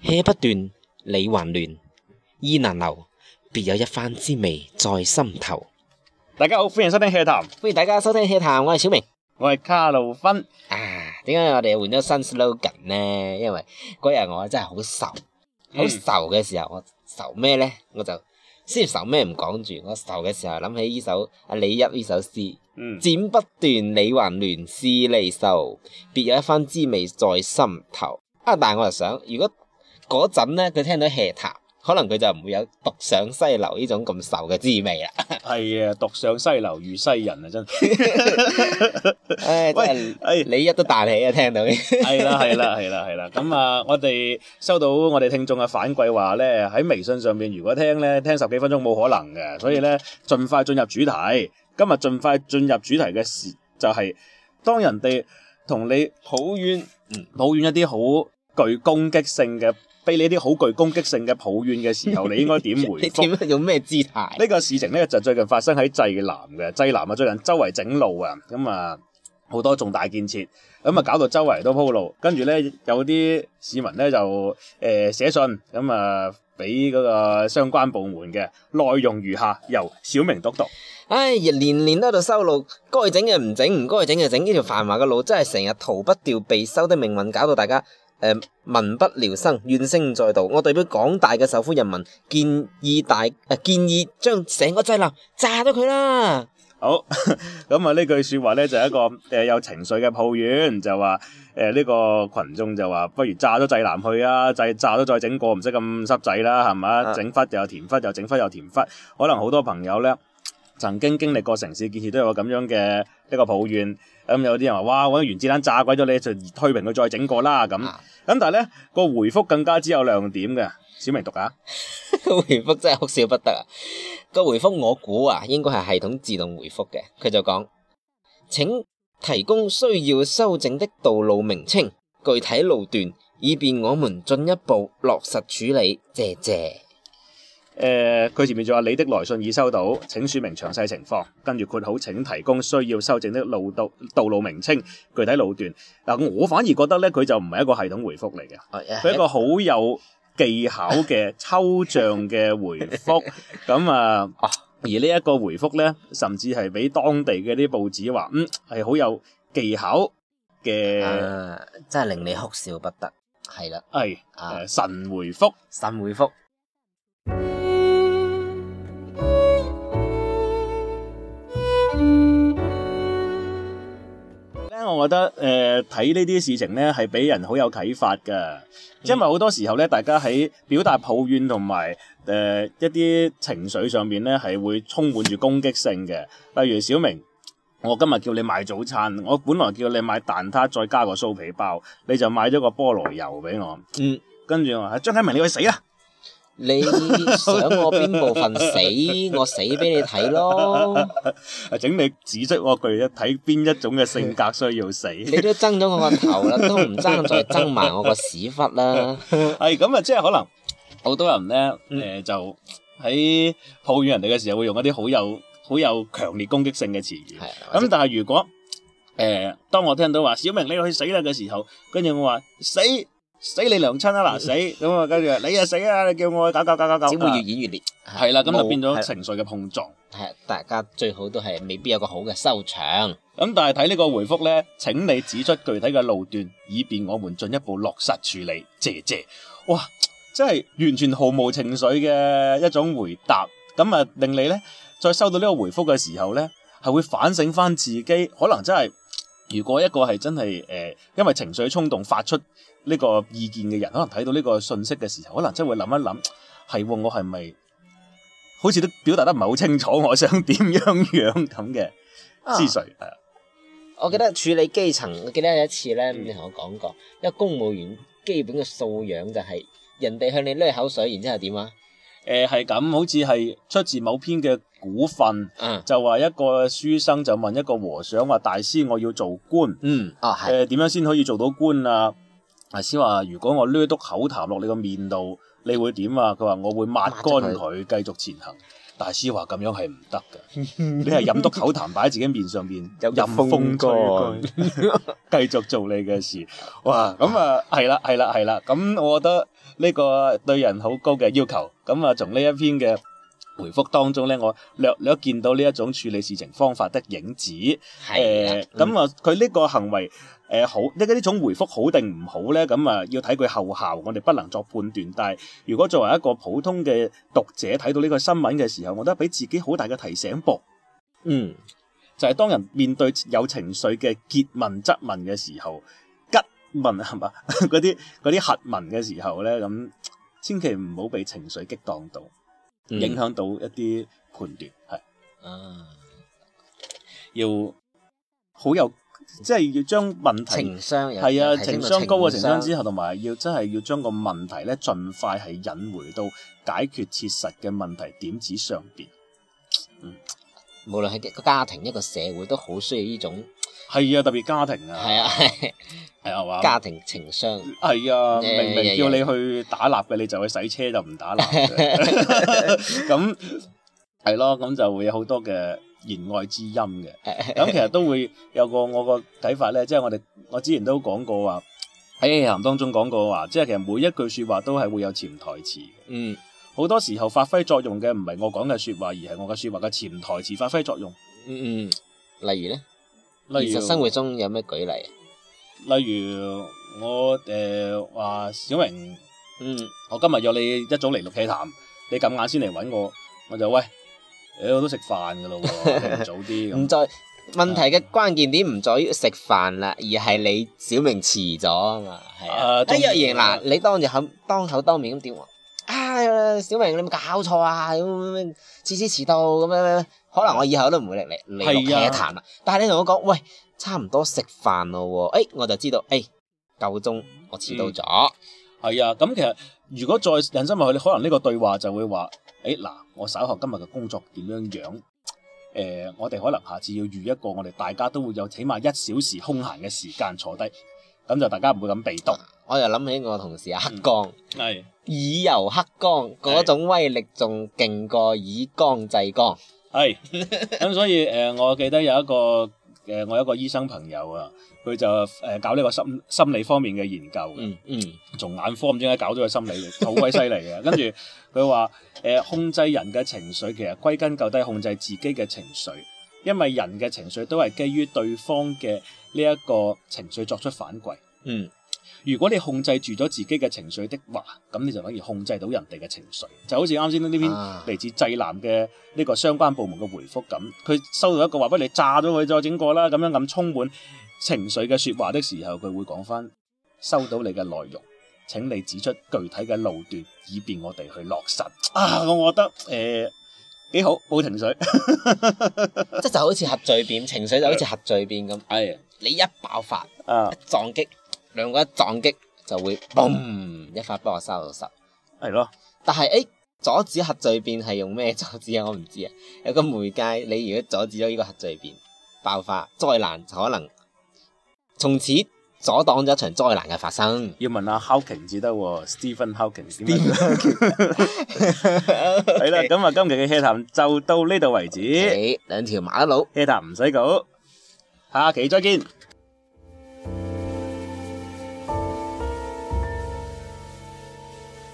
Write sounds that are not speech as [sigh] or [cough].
氣不斷，理還亂，意難留，別有一番滋味在心頭。大家好，歡迎收聽談《氣談》，歡迎大家收聽《氣談》，我係小明，我係卡路芬啊。點解我哋換咗新 slogan 呢？因為嗰日我真係好愁，好愁嘅時候，我愁咩呢？我就先愁咩唔講住，我愁嘅時候諗起呢首阿李煜呢首詩，嗯、剪不斷，理還亂，是離愁，別有一番滋味在心頭。啊，但係我又想，如果嗰陣咧，佢聽到《斜塔》，可能佢就唔會有獨上西樓呢種咁愁嘅滋味啦。係啊，獨上西樓，遇西人啊，真係。唉、 [laughs] [laughs] 哎，喂你一都彈起啊，聽到嘅。係 [laughs] 啦，係啦，係啦，係啦。咁啊，我哋收到我哋聽眾嘅反饋話咧，喺微信上面如果聽咧，聽十幾分鐘冇可能嘅，所以咧，盡快進入主題。今日盡快進入主題嘅時、就是，就係當人哋同你抱怨、抱、嗯、怨一啲好具攻擊性嘅。俾你啲好具攻擊性嘅抱怨嘅時候，你應該點回覆？ [laughs] 你用咩姿態？呢個事情呢，就最近發生喺濟南嘅，濟南啊最近周圍整路啊，咁啊好多重大建設，咁、嗯、啊搞到周圍都鋪路，跟住呢，有啲市民呢，就誒、呃、寫信，咁啊俾嗰個相關部門嘅內容如下，由小明讀讀。唉呀、哎，年年都喺度修路，該整嘅唔整，唔該整嘅整，呢條繁華嘅路真係成日逃不掉被修的命運，搞到大家，民不聊生，怨聲載道。我代表廣大嘅受苦人民，建議大、呃、建議將成個濟南炸咗佢啦。好，咁啊呢句說話呢，就係一個誒有情緒嘅抱怨，就話誒呢個群眾就話，不如炸咗濟南去啊，就炸咗再整過，唔使咁濕滯啦，係嘛？啊、整忽又填忽，又整忽又填忽，可能好多朋友呢。曾經經歷過城市建設都有個咁樣嘅一個抱怨，咁、嗯、有啲人話：，哇，揾原子彈炸鬼咗你，就推平佢再整過啦。咁咁但係咧個回覆更加之有亮點嘅，小明讀下， [laughs] 回覆真係哭笑不得啊！個回覆我估啊，應該係系統自動回覆嘅，佢就講：請提供需要修正的道路名稱、具體路段，以便我們進一步落實處理。謝謝。誒佢、呃、前面仲話你的來信已收到，請說明詳細情況。跟住括號請提供需要修正的路道道,道路名稱、具體路段。嗱，我反而覺得咧，佢就唔係一個系統回覆嚟嘅，佢、啊、一個好有技巧嘅、啊、呵抽象嘅回覆。咁啊，啊而呢一個回覆咧，甚至係俾當地嘅啲報紙話，嗯係好有技巧嘅、啊，真係令你哭笑不得。係啦，係啊,啊，神回覆，神回覆。我覺得誒，睇呢啲事情呢，係俾人好有啟發㗎，因為好多時候呢，大家喺表達抱怨同埋誒一啲情緒上面呢，係會充滿住攻擊性嘅。例如小明，我今日叫你買早餐，我本來叫你買蛋撻再加個酥皮包，你就買咗個菠蘿油俾我。嗯，跟住我話張啟明，你去死啦！你想我邊部分死，我死俾你睇咯。係整 [laughs] 你指出我一句，佢睇邊一種嘅性格需要死。 [laughs] 你都爭咗我個頭啦，都唔爭，再爭埋我個屎忽啦。係咁啊，即係可能好多人咧，誒、嗯呃，就喺抱怨人哋嘅時候會用一啲好有、好有強烈攻擊性嘅詞語。係。咁但係如果誒、呃，當我聽到話小明你去死啦嘅時候，跟住我話死。死你娘親 [laughs] 啊嗱，死咁啊，跟住你啊，死啊，你叫我搞搞搞搞搞，只會越演越烈，係啦，咁就變咗情緒嘅碰撞，係大家最好都係未必有個好嘅收場。咁但係睇呢個回覆咧，請你指出具體嘅路段，以便我們進一步落實處理。謝謝。哇，真係完全毫無情緒嘅一種回答，咁啊令你咧再收到呢個回覆嘅時候咧，係會反省返自己，可能真係。如果一個係真係誒、呃，因為情緒衝動發出呢個意見嘅人，可能睇到呢個信息嘅時候，可能真係會諗一諗，係喎，我係咪好似都表達得唔係好清楚，我想點樣樣咁嘅思緒？係啊，的我記得處理基層，我記得有一次咧，你同我講過，嗯、因為公務員基本嘅素養就係人哋向你濺口水，然之後點啊？誒係咁，好似係出自某篇嘅古訓，嗯、就話一個書生就問一個和尚話：大師我要做官，誒、嗯、點、哦呃、樣先可以做到官啊？大師話：如果我攣一督口痰落你個面度，你會點啊？佢話：我會抹乾佢，繼續前行。大師話咁樣係唔得嘅，你係飲督口痰擺喺自己面上面， [laughs] 有一個 任風吹，風乾 [laughs] 繼續做你嘅事。哇！咁啊，係啦，係啦，係啦。咁我覺得呢個對人好高嘅要求。咁啊，從呢一篇嘅。回覆當中咧，我略略一見到呢一種處理事情方法的影子，誒，咁、嗯、啊，佢呢、呃、個行為誒、呃、好，呢呢種回覆好定唔好咧？咁、嗯、啊，要睇佢後效，我哋不能作判斷。但係如果作為一個普通嘅讀者睇到呢個新聞嘅時候，我都俾自己好大嘅提醒噃。嗯，就係、是、當人面對有情緒嘅結問質問嘅時候，吉問係嘛？嗰啲啲核問嘅時候咧，咁、嗯、千祈唔好被情緒激盪到。影響到一啲判斷，係，啊、嗯，要好有，即係要將問題，係啊，情商高嘅情商之後，同埋要真係要將個問題咧，盡快係引回到解決切實嘅問題點子上面。嗯。無論係個家庭一個社會都好，需要呢種係啊，特別家庭啊，係啊，係啊嘛，家庭情商係啊，明明要你去打蠟嘅你就去洗車就唔打蠟，咁係咯，咁就會有好多嘅言外之音嘅。咁 [laughs] 其實都會有個我個睇法咧，即係我哋我之前都講過話喺談當中講過話，即係其實每一句説話都係會有潛台詞嘅。嗯。好多時候發揮作用嘅唔係我講嘅說話，而係我嘅說話嘅潛台詞發揮作用。嗯嗯，例如咧，現實生活中有咩舉例？例如我誒話小明，嗯，我今日約你一早嚟六啟潭，你咁晏先嚟揾我，我就喂，誒，我都食飯噶咯，唔早啲。唔在問題嘅關鍵點唔在於食飯啦，而係你小明遲咗啊嘛。誒，一言嗱，你當住口當口當面咁點？啊，小明你有冇搞錯啊？次次遲到咁樣，可能我以後都唔會理你嚟呢壇啦。但係你同我講，喂，差唔多食飯咯喎，哎，我就知道，誒夠鐘，我遲到咗。係、嗯、啊，咁其實如果再引申落去，你可能呢個對話就會話，誒、哎、嗱，我稍後今日嘅工作點樣樣？誒、呃，我哋可能下次要預一個我哋大家都會有起碼一小時空閒嘅時間坐低。咁就大家唔會咁被動。我又諗起我同事阿、啊、黑剛，係、嗯、以柔黑剛嗰種威力仲勁過以剛制剛。係，咁所以誒，我記得有一個誒，我有一個醫生朋友啊，佢就誒搞呢個心心理方面嘅研究嗯。嗯嗯，從眼科唔知點解搞咗個心理，好鬼犀利嘅。 [laughs] 跟住佢話誒，控制人嘅情緒其實歸根究底控制自己嘅情緒。因為人嘅情緒都係基於對方嘅呢一個情緒作出反饋。嗯，如果你控制住咗自己嘅情緒的話，咁你就等於控制到人哋嘅情緒。就好似啱先呢篇嚟自濟南嘅呢個相關部門嘅回復咁，佢收到一個話不如你炸咗佢再整過啦咁樣咁充滿情緒嘅說話的時候，佢會講翻收到你嘅內容，請你指出具體嘅路段，以便我哋去落實。啊，我覺得誒。呃幾好冇情緒，即 [laughs] [laughs] 就好似核聚變，情緒就好似核聚變咁。係的，你一爆發，一撞擊，兩個一撞擊就會嘣一發，幫我收六十。係咯的，但係誒、欸，阻止核聚變係用咩阻止啊？我唔知啊，有個媒介，你如果阻止咗呢個核聚變爆發再難，可能從此。阻擋咗一場災難嘅發生。要問下 Hawking 至得喎 Stephen Hawking 先 Stephen 何。係啦，咁啊，今期嘅 chat 談就到呢度為止。兩條、okay. 麻甩佬 chat 談唔使講，下期再見。